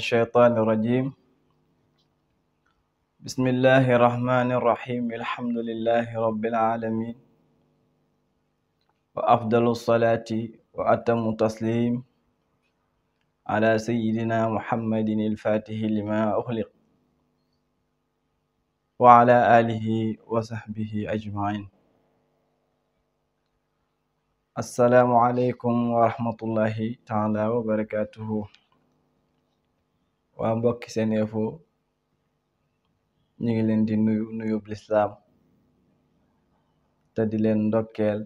الشيطان الرجيم بسم الله الرحمن الرحيم الحمد لله رب العالمين وأفضل الصلاة وأتم التسليم على سيدنا محمد الفاتح لما أغلق وعلى آله وصحبه أجمعين السلام عليكم ورحمة الله تعالى وبركاته waa mbokki seen info ñu ngi leen di nuyu nuyu lislaam te di leen ndokkeel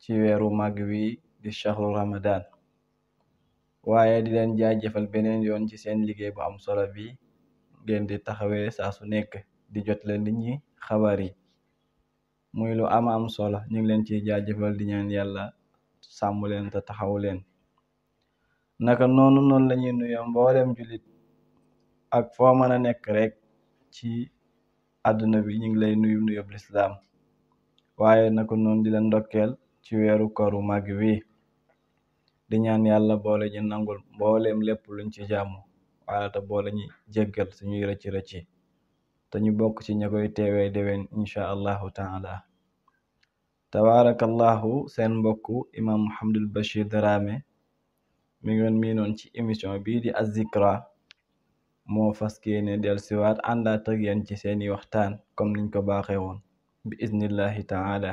ci weeru mag wi di shahru ramadan waaye di leen jaajëfal beneen yoon ci seen liggéey bu am solo bi ngeen di taxawee saa su nekk di jot leen nit ñi xabaar yi muy lu ama am solo ñu ngi leen ci jaajëfal di ñaan yàlla sàmm leen te taxawu leen naka noonu noonu lañuy ñuy nuyoo mboolem julit ak foo mën a nekk rekk ci àdduna bi ñu ngi lay nuyu nuyoob lislaam waaye naka noonu di la ndokkeel ci weeru koru màgg wi di ñaan yàlla boole ñu nangul mbooleem lépp luñ ci jàmm wala te boole ñu jéggal suñuy rëcci rëcci te ñu bokk ci ña koy teewee déwén incha allahu taala tabaarakallahu seen mbokku imam Mouhamadul Bachir Darame mi ngeen miinoon ci émission bii di Azikra moo fas yéene dellusiwaat àndaat ak yéen ci seeni waxtaan comme niñ ko baaxee woon bi iznillahi taala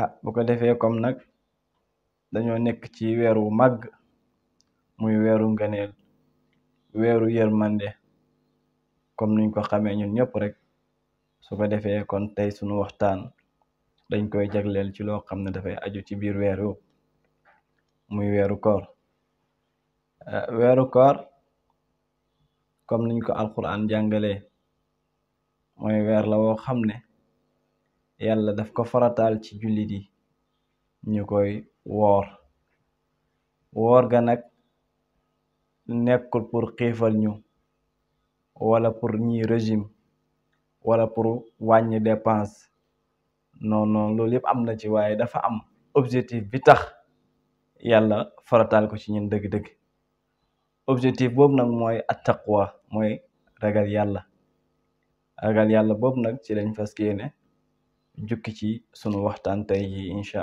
ah bu ko defee comme nag dañoo nekk ci weer wu màgg muy weeru ngëneel weeru yërmande comme niñ ko xamee ñoon ñëpp rek su ko defee kon tey sunu waxtaan dañ koy jagleel ci loo xam ne dafay aju ci biir weer wu muy weeru koor eh, weeru koor comme niñ ko alquran jàngalee mooy weer la woo xam ne yàlla daf ko farataal ci jullit yi ñu koy woor woor ga nag nekkul pour xiifal ñu wala pour ñi régime wala pour wàññi dépense non non loolu yëpp am na ci waaye dafa am objectif bi tax yàlla farataal ko ci ñun dëgg-dëgg objectif boobu nag mooy attaqwa mooy ragal yàlla ragal yàlla boobu nag ci lañ fas yéene jukki ci sunu waxtaan tey ji incha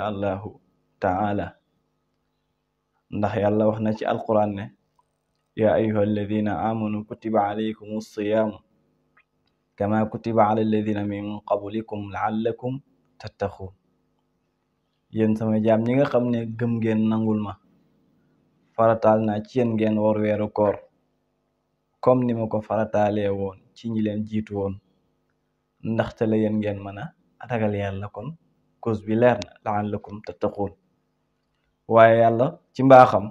taala ndax yàlla wax na ci alquran ne ya ayuha alladina amanu kutiba alaykum alsiyaamu kama kutiba ala min qablikum laallakum tattaquun yéen sama jaam ñi nga xam ne gëm ngeen nangul ma farataal naa ci yen ngeen war weeru koor comme ni ma ko farataalee woon ci ñi leen jiitu woon ndaxte la yéen ngeen mën a ragal yàlla kon cause bi leer na laallakum tattaquun waaye yàlla ci mbaaxam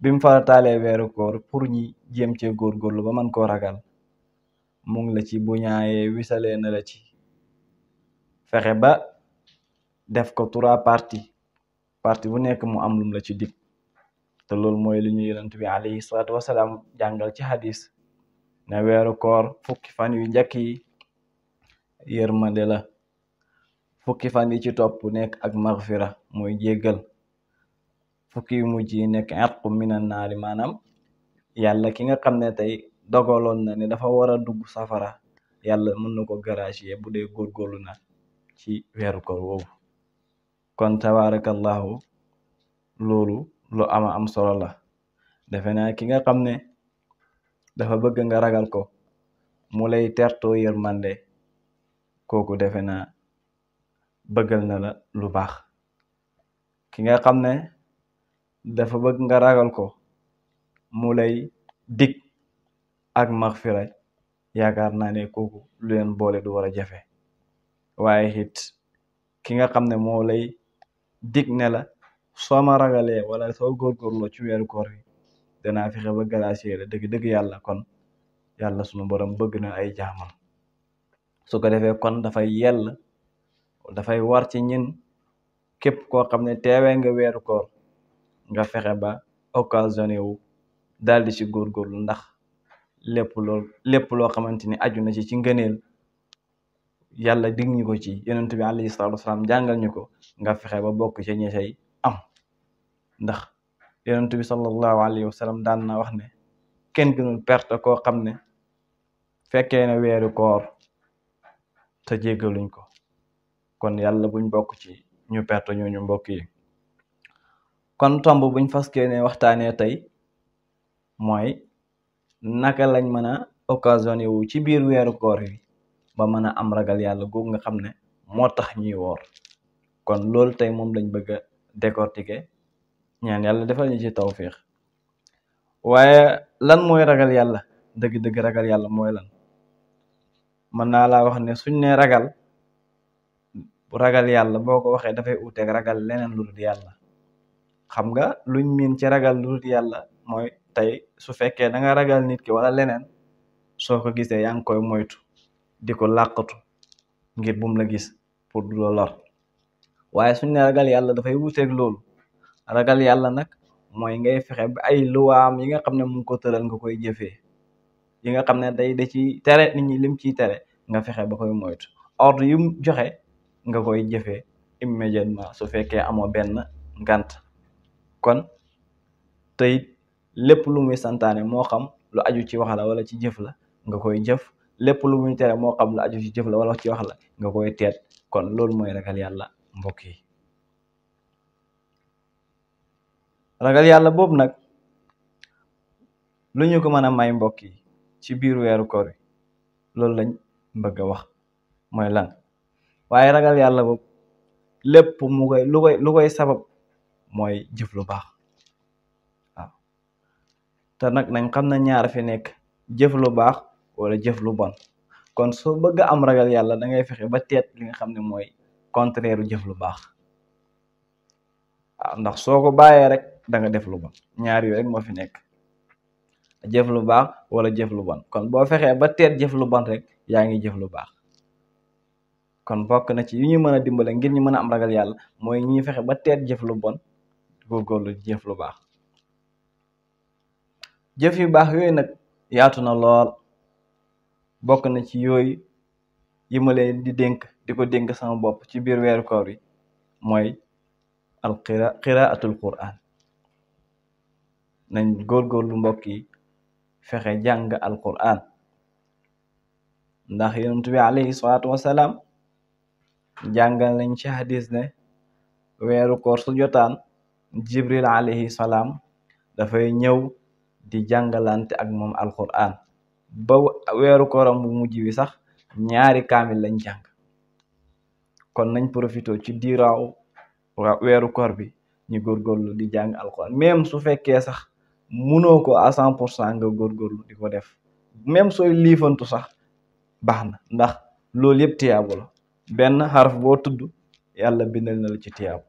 bimu farataalee weeru koor pour ñi jéem cee góorgóorlu ba man koo ragal mu la ci bu ñaayee na la ci fexe ba def ko trois parties partie bu nekk mu am lum la ci dig te loolu mooy li ñu yonent bi alayhi salaam jàngal ci hadis ne weeru koor fukki fan yu njëkk yi yërmande la fukki fan yi ci topp nekk ak magfira mooy jéggal fukki yu mujj yi nekk atqu minan naari maanaam yàlla ki nga xam ne tey dogaloon na ne dafa war a dugg safara yàlla mën na ko gracier bu dee góorgóorlu na ci weeru koor woowu kon tabaarakallaahu loolu lu ama am solo la defe naa ki nga xam ne dafa bëgg nga ragal ko mu lay tertoo yërmande kooku defe naa bëggal na la lu baax ki nga xam ne dafa bëgg nga ragal ko mu lay dig ak maxfira yaakaar naa ne kooku lu leen boole du war a jafe waaye ki nga xam ne moo lay dig ne la soo ma ragalee wala soo góorgóorloo ci weeru koor bi danaa fexe ba gracier la dëgg dëgg yàlla kon yàlla sunu borom bëgg na ay jaamam su ko defee kon dafay yell dafay war ci ñin képp koo xam ne teewee nga weeru koor nga fexe ba occasionné wu daal di ci góorgóorlu ndax lépp loo lépp loo xamante ni aju na ci ci ngëneel yàlla dig ñu ko ci yonent bi alayhi salaatu wasalaam jàngal ñu ko nga fexe ba bokk ca ñi say am ndax yonent bi sallallahu alayhi wa sallam daan na wax ne kenn gënul perte koo xam ne fekkee na weeru koor te jegaluñ ko kon yàlla buñ bokk ci ñu perte ñooñu mbokk yi kon tomb buñ faskee ne waxtaanee tey mooy naka lañ mën a occasionné wu ci biir weeru koor yi ba mën a am ragal yàlla googu nga xam ne moo tax ñuy woor kon loolu tey moom lañ bëgg a décortiquer ñaan yàlla defal ñu ci tawfiix waaye lan mooy ragal yàlla dëgg-dëgg ragal yàlla mooy lan mën naa laa wax ne suñ ne ragal ragal yàlla boo ko waxee dafay uuteeg ragal leneen lu dul yàlla xam nga luñ miin ci ragal lu yàlla mooy tey su fekkee danga nga ragal nit ki wala leneen soo ko gisee yaa ngi koy moytu di ko làqatu ngir bum la gis pour du la lor waaye suñ ne ragal yàlla dafay wuuteeg loolu ragal yàlla nag mooy ngay fexe ba ay luwaam yi nga xam ne mu ngi ko tëral nga koy jëfee yi nga xam ne day da ci tere nit ñi lim ciy tere nga fexe ba koy moytu ordre yu joxe nga koy jëfee immédiatement su fekkee amoo benn ngant kon tey lépp lu muy santaane moo xam lu aju ci wax la wala ci jëf la nga koy jëf lépp lu muy tere moo xam la aju ci jëf wala ci wax la nga koy teet kon loolu mooy ragal yàlla mbokk yi ragal yàlla boobu nag lu ñu ko mën a may mbokk yi ci biir weeru ko yi loolu lañ bëgg wax mooy lan waaye ragal yàlla boobu lépp mu koy lu koy sabab mooy jëf lu baax waaw te nag nañ na ñaar fi nekk jëf lu baax wala jëf lu bon kon soo bëgg am ragal yàlla dangay ngay fexe ba teet li nga xam ne mooy contraire jëf lu baax waaw ndax soo ko bàyyee rek da def lu bon ñaar yooyu rek moo fi nekk jëf lu baax wala jëf lu bon kon boo fexee ba teet jëf lu bon rek yaa ngi jëf lu baax kon bokk na ci yu ñu mën a dimbale ngir ñu mën a am ragal yàlla mooy ñuy fexe ba teet jëf lu bon góorgóorlu jëf lu baax jëf yu baax yooyu nag yaatu na lool bokk na ci yooyu yi di dénk di ko dénk sama bopp ci biir weeru koor yi mooy al qira qiraatul quran nañ góorgóorlu mbokk yi fexe jàng al quran ndax yonent bi alayhi salaatu wasalaam jàngal nañ ci hadis ne weeru koor su jotaan jibril alayhi salaam dafay ñëw di jàngalante ak moom alquran ba weeru kooram bu mujj bi sax ñaari kaamil lañ jàng kon nañ profité ci diiraaw weeru koor bi ñu góorgóorlu di jàng alquran même su fekkee sax munoo ko à cent pour cent nga góorgóorlu di ko def même sooy liifantu sax baax na ndax loolu yëpp tiyaabu la benn xaraf boo tudd yàlla bindal na la ci tiyaabu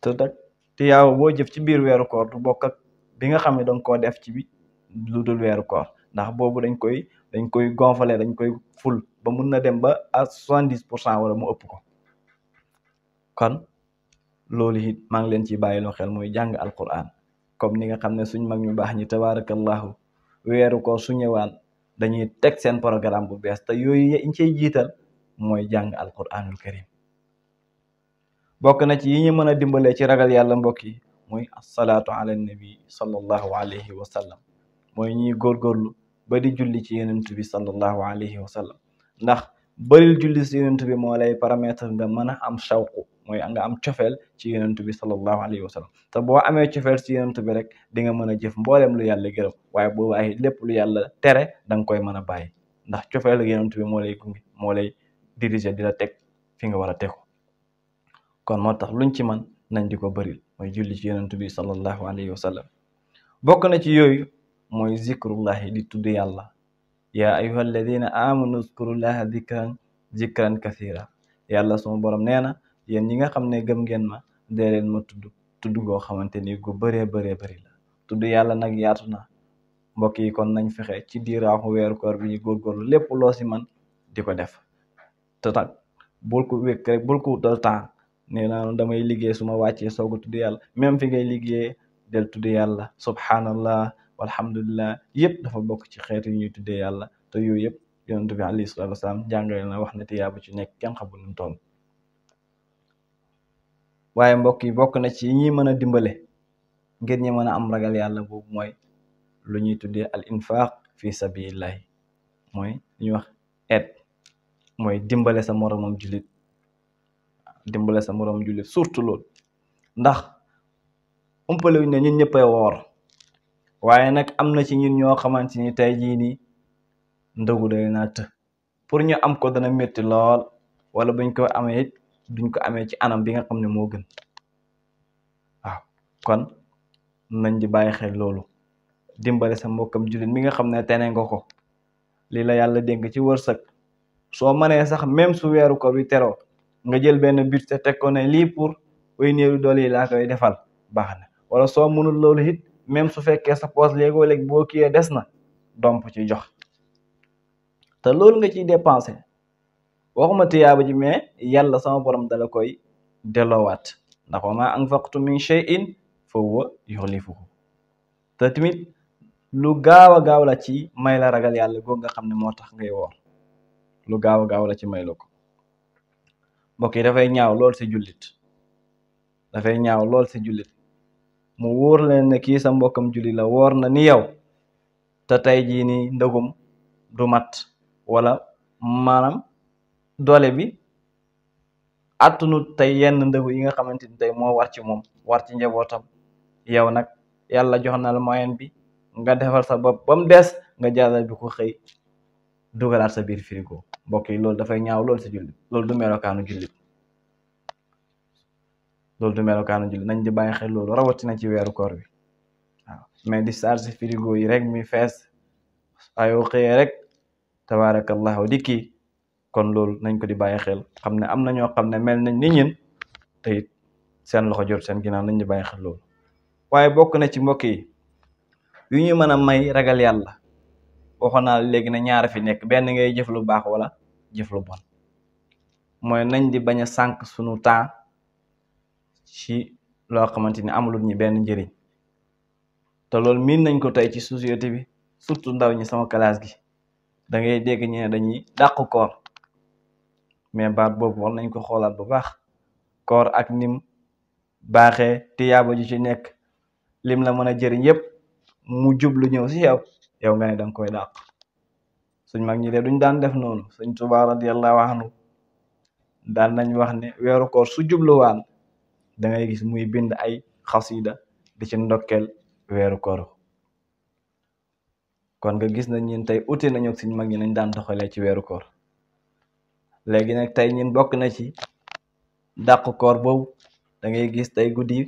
te nag tiyaabu boo jëf ci biir weeru koor du bokk bi nga xam ne danga koo def ci bi lu dul weeru koor ndax boobu dañ koy dañ koy gonfale dañ koy ful ba mun na dem ba à soixante pour cent wala mu ëpp ko kon loolu it maa ngi leen ciy bàyyiloo xel mooy jàng alquran comme ni nga xam ne suñ mag ñu baax ñi tabaarakallahu weeru ko su ñëwaan dañuy teg seen programme bu bees te yooyu ñu ciy jiital mooy jàng alquranul karim bokk na ci yi ñu mën a dimbalee ci ragal yàlla mbokk yi muy asalaatu ala nabi sallallahu alayhi wa mooy ñuy góorgóorlu ba di julli ci yonent bi sallallahu alayhi wa sallam ndax baril julli ci bi moo lay permettre nga mën a am shawqu mooy nga am cofeel ci yonent bi sallallahu alayhi wa sallam te boo amee cofeel ci yonent bi rek dinga nga mën a jëf mbooleem lu yàlla gërëm waaye boo ay lépp lu yàlla tere da koy mën a bàyyi ndax cofeel ak yonent bi moo lay moo lay diriger di la teg fi nga war a tegu kon moo tax luñ ci man nañ di ko baril mooy julli ci yonent bi sallallahu alayhi wa sallam bokk na ci yooyu mooy zikrullahi di tudd yàlla yaa ayuha alladina amanu zkurullaha zikran zikran kathira yàlla suma borom nee na yéen ñi nga xam ne gëm ngeen ma dee leen ma tudd tudd goo xamante ni gu bëree bëree bëri la tudd yàlla nag yaatu na mbokk yi kon nañ fexe ci diiraaxu weeru koor bi ñu góorgóorlu lépp loo si man di ko def te nag bul ko wékk rek ko wutal temps nee naa damay liggéey su ma wàccee soog tudd yàlla même fi ngay liggéeyee del tudd yàlla subhanallah walhamdulilah yëpp dafa bokk ci xeet yi ñuy tuddee yàlla te yooyu yëpp yonent bi alayhi salaatu wasalaam jàngale na wax na tiyaabu ci nekk kenn xamul nu mu toll waaye mbokk yi bokk na ci ñi ñuy mën a dimbale ngir ñi mën a am ragal yàlla boobu mooy lu ñuy tuddee al infaq fi sabilillahi mooy lu ñuy wax aide mooy dimbale sa moromam jullit dimbale sa moromam jullit surtout loolu ndax umpale wuñ ne ñun ñëppay woor waaye nag am na ci ñun ñoo xamante ni tey jii nii ndogu day naa të pour ñu am ko dana métti lool wala bañ ko amee it duñ ko amee ci anam bi nga xam ne moo gën waaw kon nañ di bàyyi xel loolu dimbale sa mbokkam jullit mi nga xam ne tene nga ko lii la yàlla dénk ci wërsëg soo manee sax même su weeru ko bi teroo nga jël benn bit teg ko ne lii pour way néeru doole yi laa koy defal baax na wala soo mënul loolu it même su fekkee sa poos léegoo léeg boo kiiyee des na domp ci jox te loolu nga ciy dépensé waxuma tiyaaba ji mais yàlla sama borom dala koy delloowaat ndax wa maa anfaqtum min shay'in fa huwa yuxlifuhu te tamit lu gaaw a gaaw la ci may ragal yàlla goog nga xam ne moo tax ngay woor lu gaaw a gaaw la ci may la ko mbokk dafay ñaaw lool si jullit dafay ñaaw lool si jullit mu wóor leen ne kii sa mbokkam julli la woor na ni yow te tey jii ni ndëgum du mat wala maanaam doole bi nu tey yenn ndëgu yi nga xamante ni tey moo war moom war ci njabootam yow nag yàlla jox na la moyen bi nga defal sa bopp ba mu des nga jàllal bi ko xëy dugalaat sa biir frigo mbokk yi loolu dafay ñaaw loolu si jullit loolu du melokaanu jullit loolu du melokaanu jullit nañ di bàyyi xel loolu rawatina ci weeru koor bi waaw mais di charge frigo yi rek muy fees ayoo xëyee rek tabaarakallaahu di kii kon loolu nañ ko di bàyyi xel xam ne am na ñoo xam ne mel nañ ni ñin te seen loxo jot seen ginnaaw nañ di bàyyi xel loolu waaye bokk na ci mbokk yi yu ñu mën a may ragal yàlla waxoon naa léegi ne ñaara fi nekk benn ngay jëf lu baax wala jëf lu bon mooy nañ di bañ a sànq sunu temps ci loo xamante ni amulul ñi benn njëriñ te loolu miin nañ ko tey ci société bi surtout ndaw ñi sama kalaas gi da ngay dégg ñu ne dañuy dàq koor mais baat boobu war nañ ko xoolaat bu baax koor ak nim baaxee tiyaaba ju ci nekk lim la mën a jëriñ yëpp mu jublu ñëw si yow yow nga ne da koy dàq suñ mag ñi de duñ daan def noonu suñ Tuubaa radiyallahu anhu daan nañ wax ne weeru koor su jubluwaan da ngay gis muy bind ay xasida di ci ndokkeel weeru koor kon nga gis na ñun tey uti nañu suñ mag ñi nañ daan doxalee ci weeru koor léegi nag tey ñun bokk na ci dàq koor boobu da ngay gis tey guddi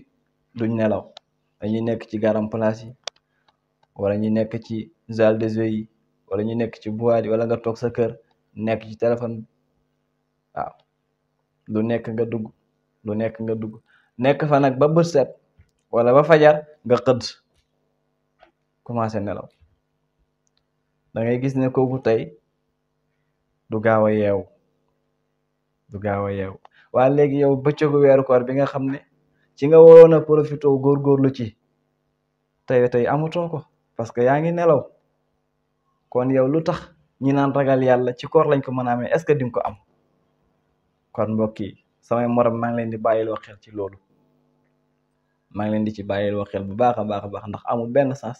duñ nelaw dañuy nekk ci garam place yi wala ñu nekk ci salle de jeu yi wala ñu nekk ci boîte yi wala nga toog sa kër nekk ci téléphone waaw lu nekk nga dugg lu nekk nga dugg nekk fa nag ba bët set wala ba fajar nga xëdd commencé nelaw dangay gis ne kooku tey du gaaw a yeewu du gaaw a yeewu waa léegi yow bëccëgu weeru koor bi nga xam ne ci nga waroon a profité lu ci tey tey amutoo ko parce que yaa ngi nelaw kon yow lu tax ñi naan ragal yàlla ci koor lañ ko mën a amee est-ce que dinga ko am kon mbokk yi samay morom maa ngi leen di bàyyiloo xel ci loolu maa ngi leen di ci bàyyil wax xel bu baax a baax a baax ndax amul benn sens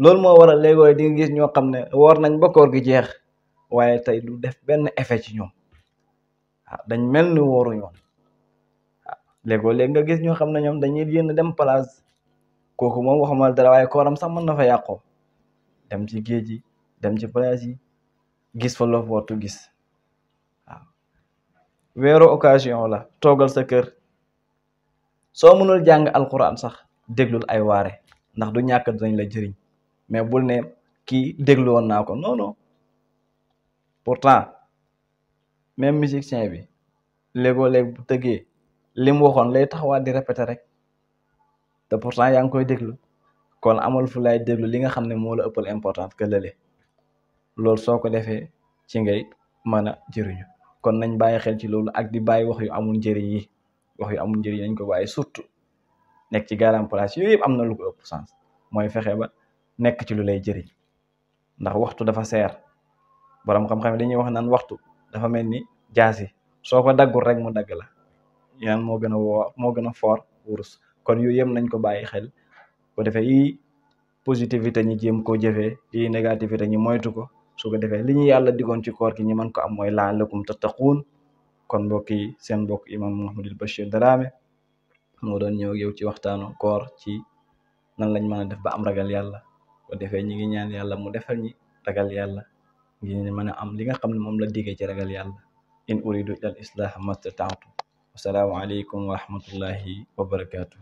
loolu moo waral léegoo di nga gis ñoo xam ne woor nañ ba koor gi jeex waaye tey du def benn effet ci ñoom ah, dañ mel ni wooru ñoom waaw ah, léegoo léegi nga gis ñoo xam ne ñoom dañuy génn dem plage kooku moom waxumal dara waaye kooram sama na fa yàqo dem ci géej gi dem ci plage yi gis fa loo wartu gis waaw ah, weeru occasion la toogal sa kër soo mënul jàng alquran sax déglul ay waare ndax du ñàkk dinañ la jëriñ mais bul ne kii déglu woon naa ko non non pourtant même musicien bi léegoo léeg bu tëggee li mu waxoon lay taxawaat di répéter rek te pourtant yaa ngi koy déglu kon amal fu lay déglu li nga xam ne moo la ëppal importance que lële loolu soo ko defee ci ngay mën a jëriñu kon nañ bàyyi xel ci loolu ak di bàyyi wax yu amul njëriñ yi wax yi amul njëriñ dañ ko bàyyi surtout nekk ci garam place yooyu yëpp am na lu ko ëpp sens mooy fexe ba nekk ci lu lay jëriñ ndax waxtu dafa seer borom xam-xam dañuy wax naan waxtu dafa mel ni jaasi soo ko daggul rek mu dagg la yan moo gën a woo moo gën a fort wurus kon yooyu yëpp nañ ko bàyyi xel bu defee yii positivité ñi jéem koo jëfee i négativité ñi moytu ko su ko defee li ñu yàlla digoon ci koor gi ñi mën ko am mooy la'allakum tattaquun kon mbokk yi seen mbokk imam Mouhamadul Bachir Darame moo doon ñëw yow ci waxtaanu koor ci nan lañ mën a def ba am ragal yàlla bu defee ñi ngi ñaan yàlla mu defal ñi ragal yàlla ngir ñu mën a am li nga xam ne moom la diggee ci ragal yàlla in uridu ilal islaah mastata'tu wasalaamu aleykum wa rahmatullahi wa barakatuh